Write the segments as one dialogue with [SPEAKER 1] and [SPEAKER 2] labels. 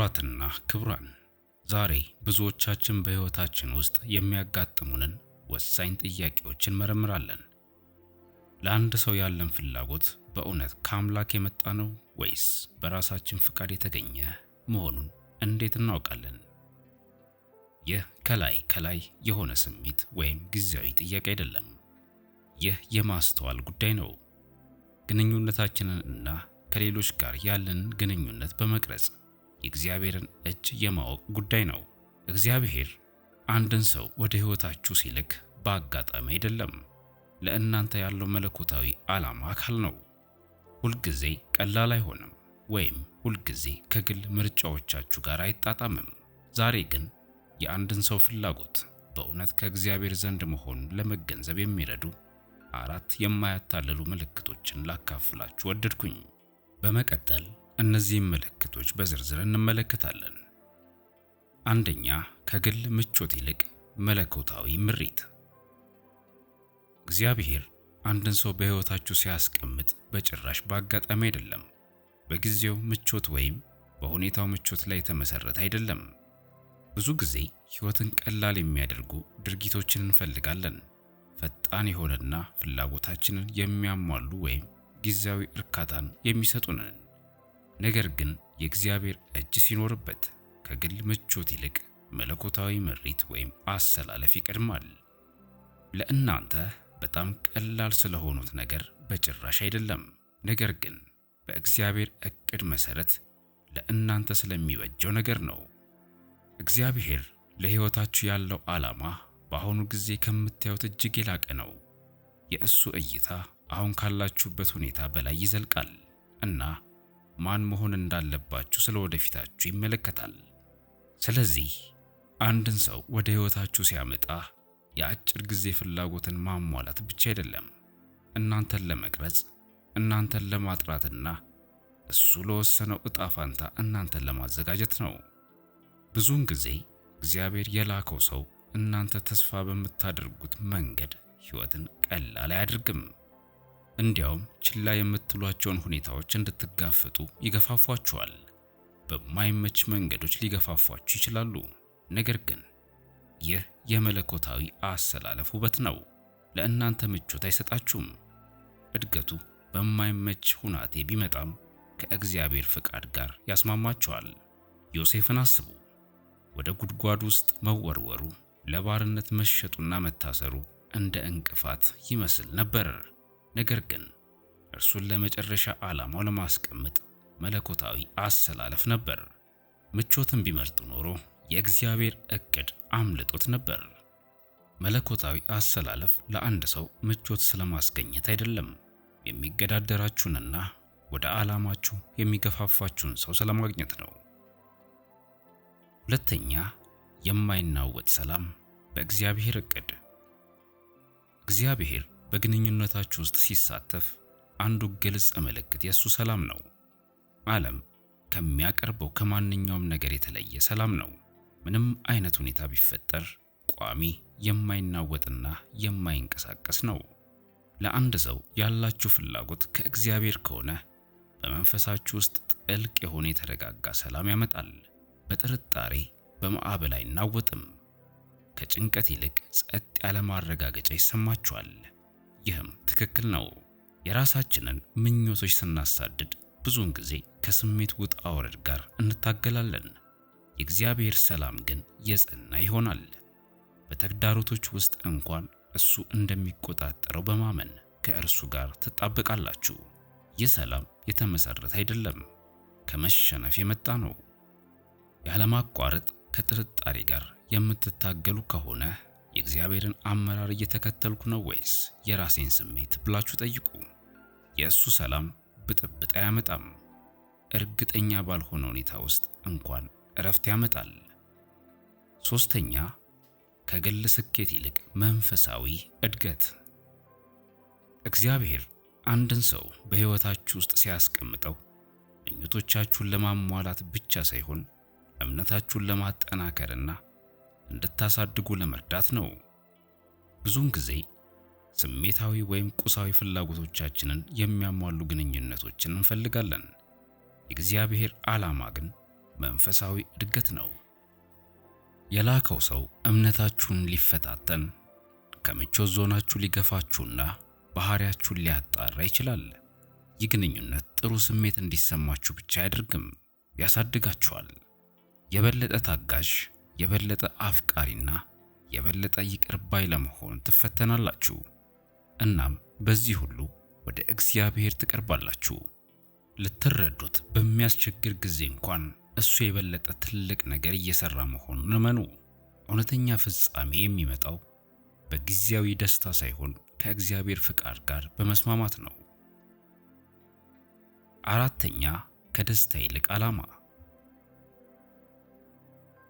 [SPEAKER 1] ክቡራትና ክቡራን ዛሬ ብዙዎቻችን በሕይወታችን ውስጥ የሚያጋጥሙንን ወሳኝ ጥያቄዎች እንመረምራለን። ለአንድ ሰው ያለን ፍላጎት በእውነት ከአምላክ የመጣ ነው ወይስ በራሳችን ፍቃድ የተገኘ መሆኑን እንዴት እናውቃለን? ይህ ከላይ ከላይ የሆነ ስሜት ወይም ጊዜያዊ ጥያቄ አይደለም። ይህ የማስተዋል ጉዳይ ነው። ግንኙነታችንን እና ከሌሎች ጋር ያለንን ግንኙነት በመቅረጽ የእግዚአብሔርን እጅ የማወቅ ጉዳይ ነው። እግዚአብሔር አንድን ሰው ወደ ሕይወታችሁ ሲልክ በአጋጣሚ አይደለም። ለእናንተ ያለው መለኮታዊ ዓላማ አካል ነው። ሁልጊዜ ቀላል አይሆንም፣ ወይም ሁልጊዜ ከግል ምርጫዎቻችሁ ጋር አይጣጣምም። ዛሬ ግን የአንድን ሰው ፍላጎት በእውነት ከእግዚአብሔር ዘንድ መሆኑን ለመገንዘብ የሚረዱ አራት የማያታልሉ ምልክቶችን ላካፍላችሁ ወደድኩኝ። በመቀጠል እነዚህም ምልክቶች በዝርዝር እንመለከታለን። አንደኛ፣ ከግል ምቾት ይልቅ መለኮታዊ ምሪት። እግዚአብሔር አንድን ሰው በሕይወታችሁ ሲያስቀምጥ በጭራሽ በአጋጣሚ አይደለም። በጊዜው ምቾት ወይም በሁኔታው ምቾት ላይ ተመሰረተ አይደለም። ብዙ ጊዜ ሕይወትን ቀላል የሚያደርጉ ድርጊቶችን እንፈልጋለን። ፈጣን የሆነና ፍላጎታችንን የሚያሟሉ ወይም ጊዜያዊ እርካታን የሚሰጡንን ነገር ግን የእግዚአብሔር እጅ ሲኖርበት ከግል ምቾት ይልቅ መለኮታዊ ምሪት ወይም አሰላለፍ ይቀድማል። ለእናንተ በጣም ቀላል ስለሆኑት ነገር በጭራሽ አይደለም። ነገር ግን በእግዚአብሔር እቅድ መሰረት ለእናንተ ስለሚበጀው ነገር ነው። እግዚአብሔር ለሕይወታችሁ ያለው ዓላማ በአሁኑ ጊዜ ከምታዩት እጅግ የላቀ ነው። የእሱ እይታ አሁን ካላችሁበት ሁኔታ በላይ ይዘልቃል እና ማን መሆን እንዳለባችሁ ስለ ወደፊታችሁ ይመለከታል። ስለዚህ አንድን ሰው ወደ ህይወታችሁ ሲያመጣ የአጭር ጊዜ ፍላጎትን ማሟላት ብቻ አይደለም። እናንተን ለመቅረጽ፣ እናንተን ለማጥራትና እሱ ለወሰነው እጣ ፋንታ እናንተን ለማዘጋጀት ነው። ብዙውን ጊዜ እግዚአብሔር የላከው ሰው እናንተ ተስፋ በምታደርጉት መንገድ ህይወትን ቀላል አያደርግም። እንዲያውም ችላ የምትሏቸውን ሁኔታዎች እንድትጋፈጡ ይገፋፏችኋል። በማይመች መንገዶች ሊገፋፏችሁ ይችላሉ። ነገር ግን ይህ የመለኮታዊ አሰላለፍ ውበት ነው። ለእናንተ ምቾት አይሰጣችሁም። እድገቱ በማይመች ሁናቴ ቢመጣም ከእግዚአብሔር ፍቃድ ጋር ያስማማችኋል። ዮሴፍን አስቡ። ወደ ጉድጓድ ውስጥ መወርወሩ፣ ለባርነት መሸጡና መታሰሩ እንደ እንቅፋት ይመስል ነበር። ነገር ግን እርሱን ለመጨረሻ ዓላማው ለማስቀመጥ መለኮታዊ አሰላለፍ ነበር። ምቾትን ቢመርጡ ኖሮ የእግዚአብሔር እቅድ አምልጦት ነበር። መለኮታዊ አሰላለፍ ለአንድ ሰው ምቾት ስለማስገኘት አይደለም። የሚገዳደራችሁንና ወደ ዓላማችሁ የሚገፋፋችሁን ሰው ስለማግኘት ነው። ሁለተኛ፣ የማይናወጥ ሰላም በእግዚአብሔር እቅድ። እግዚአብሔር በግንኙነታችሁ ውስጥ ሲሳተፍ አንዱ ግልጽ ምልክት የእሱ ሰላም ነው። ዓለም ከሚያቀርበው ከማንኛውም ነገር የተለየ ሰላም ነው። ምንም አይነት ሁኔታ ቢፈጠር ቋሚ፣ የማይናወጥና የማይንቀሳቀስ ነው። ለአንድ ሰው ያላችሁ ፍላጎት ከእግዚአብሔር ከሆነ በመንፈሳችሁ ውስጥ ጥልቅ የሆነ የተረጋጋ ሰላም ያመጣል። በጥርጣሬ በማዕበል አይናወጥም። ከጭንቀት ይልቅ ጸጥ ያለ ማረጋገጫ ይሰማችኋል። ይህም ትክክል ነው። የራሳችንን ምኞቶች ስናሳድድ ብዙውን ጊዜ ከስሜት ውጣ ውረድ ጋር እንታገላለን። የእግዚአብሔር ሰላም ግን የጸና ይሆናል። በተግዳሮቶች ውስጥ እንኳን እሱ እንደሚቆጣጠረው በማመን ከእርሱ ጋር ትጣበቃላችሁ። ይህ ሰላም የተመሰረተ አይደለም፣ ከመሸነፍ የመጣ ነው። ያለማቋረጥ ከጥርጣሬ ጋር የምትታገሉ ከሆነ የእግዚአብሔርን አመራር እየተከተልኩ ነው ወይስ የራሴን ስሜት ብላችሁ ጠይቁ። የእሱ ሰላም ብጥብጥ አያመጣም። እርግጠኛ ባልሆነ ሁኔታ ውስጥ እንኳን እረፍት ያመጣል። ሶስተኛ ከግል ስኬት ይልቅ መንፈሳዊ እድገት። እግዚአብሔር አንድን ሰው በሕይወታችሁ ውስጥ ሲያስቀምጠው ምኞቶቻችሁን ለማሟላት ብቻ ሳይሆን እምነታችሁን ለማጠናከርና እንድታሳድጉ ለመርዳት ነው። ብዙውን ጊዜ ስሜታዊ ወይም ቁሳዊ ፍላጎቶቻችንን የሚያሟሉ ግንኙነቶችን እንፈልጋለን። የእግዚአብሔር ዓላማ ግን መንፈሳዊ እድገት ነው። የላከው ሰው እምነታችሁን ሊፈታተን፣ ከምቾት ዞናችሁ ሊገፋችሁና ባህሪያችሁን ሊያጣራ ይችላል። ይህ ግንኙነት ጥሩ ስሜት እንዲሰማችሁ ብቻ አያደርግም፣ ያሳድጋችኋል። የበለጠ ታጋሽ የበለጠ አፍቃሪና የበለጠ ይቅር ባይ ለመሆን ትፈተናላችሁ። እናም በዚህ ሁሉ ወደ እግዚአብሔር ትቀርባላችሁ። ልትረዱት በሚያስቸግር ጊዜ እንኳን እሱ የበለጠ ትልቅ ነገር እየሰራ መሆኑን እመኑ። እውነተኛ ፍጻሜ የሚመጣው በጊዜያዊ ደስታ ሳይሆን ከእግዚአብሔር ፍቃድ ጋር በመስማማት ነው። አራተኛ ከደስታ ይልቅ ዓላማ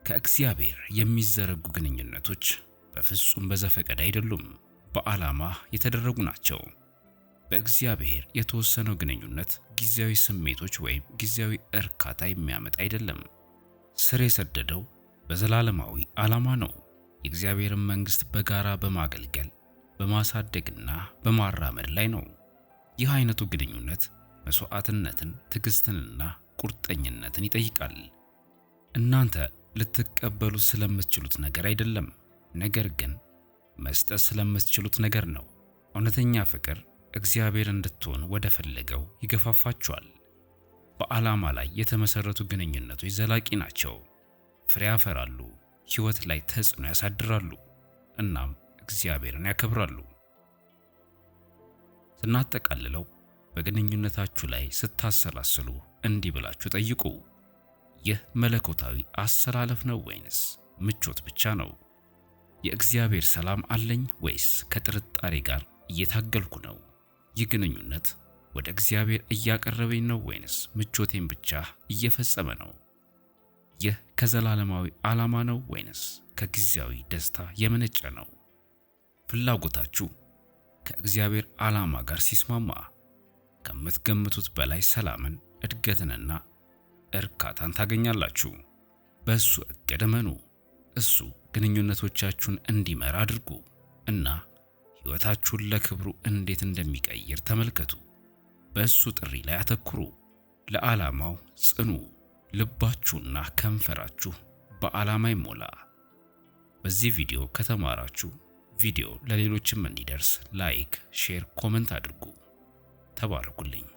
[SPEAKER 1] ከእግዚአብሔር የሚዘረጉ ግንኙነቶች በፍጹም በዘፈቀድ አይደሉም፣ በዓላማ የተደረጉ ናቸው። በእግዚአብሔር የተወሰነው ግንኙነት ጊዜያዊ ስሜቶች ወይም ጊዜያዊ እርካታ የሚያመጣ አይደለም። ስር የሰደደው በዘላለማዊ ዓላማ ነው። የእግዚአብሔርን መንግሥት በጋራ በማገልገል በማሳደግና በማራመድ ላይ ነው። ይህ አይነቱ ግንኙነት መስዋዕትነትን፣ ትዕግስትንና ቁርጠኝነትን ይጠይቃል። እናንተ ልትቀበሉት ስለምትችሉት ነገር አይደለም፣ ነገር ግን መስጠት ስለምትችሉት ነገር ነው። እውነተኛ ፍቅር እግዚአብሔር እንድትሆን ወደ ፈለገው ይገፋፋችኋል። በዓላማ ላይ የተመሠረቱ ግንኙነቶች ዘላቂ ናቸው፣ ፍሬ ያፈራሉ፣ ሕይወት ላይ ተጽዕኖ ያሳድራሉ፣ እናም እግዚአብሔርን ያከብራሉ። ስናጠቃልለው በግንኙነታችሁ ላይ ስታሰላስሉ እንዲህ ብላችሁ ጠይቁ። ይህ መለኮታዊ አሰላለፍ ነው ወይንስ ምቾት ብቻ ነው? የእግዚአብሔር ሰላም አለኝ ወይስ ከጥርጣሬ ጋር እየታገልኩ ነው? ይህ ግንኙነት ወደ እግዚአብሔር እያቀረበኝ ነው ወይንስ ምቾቴን ብቻ እየፈጸመ ነው? ይህ ከዘላለማዊ ዓላማ ነው ወይንስ ከጊዜያዊ ደስታ የመነጨ ነው? ፍላጎታችሁ ከእግዚአብሔር ዓላማ ጋር ሲስማማ ከምትገምቱት በላይ ሰላምን፣ እድገትንና እርካታን ታገኛላችሁ። በእሱ እቅድ መኑ። እሱ ግንኙነቶቻችሁን እንዲመራ አድርጉ እና ሕይወታችሁን ለክብሩ እንዴት እንደሚቀይር ተመልከቱ። በእሱ ጥሪ ላይ አተኩሩ። ለዓላማው ጽኑ። ልባችሁና ከንፈራችሁ በዓላማ ይሞላ። በዚህ ቪዲዮ ከተማራችሁ ቪዲዮ ለሌሎችም እንዲደርስ ላይክ፣ ሼር፣ ኮመንት አድርጉ። ተባረኩልኝ።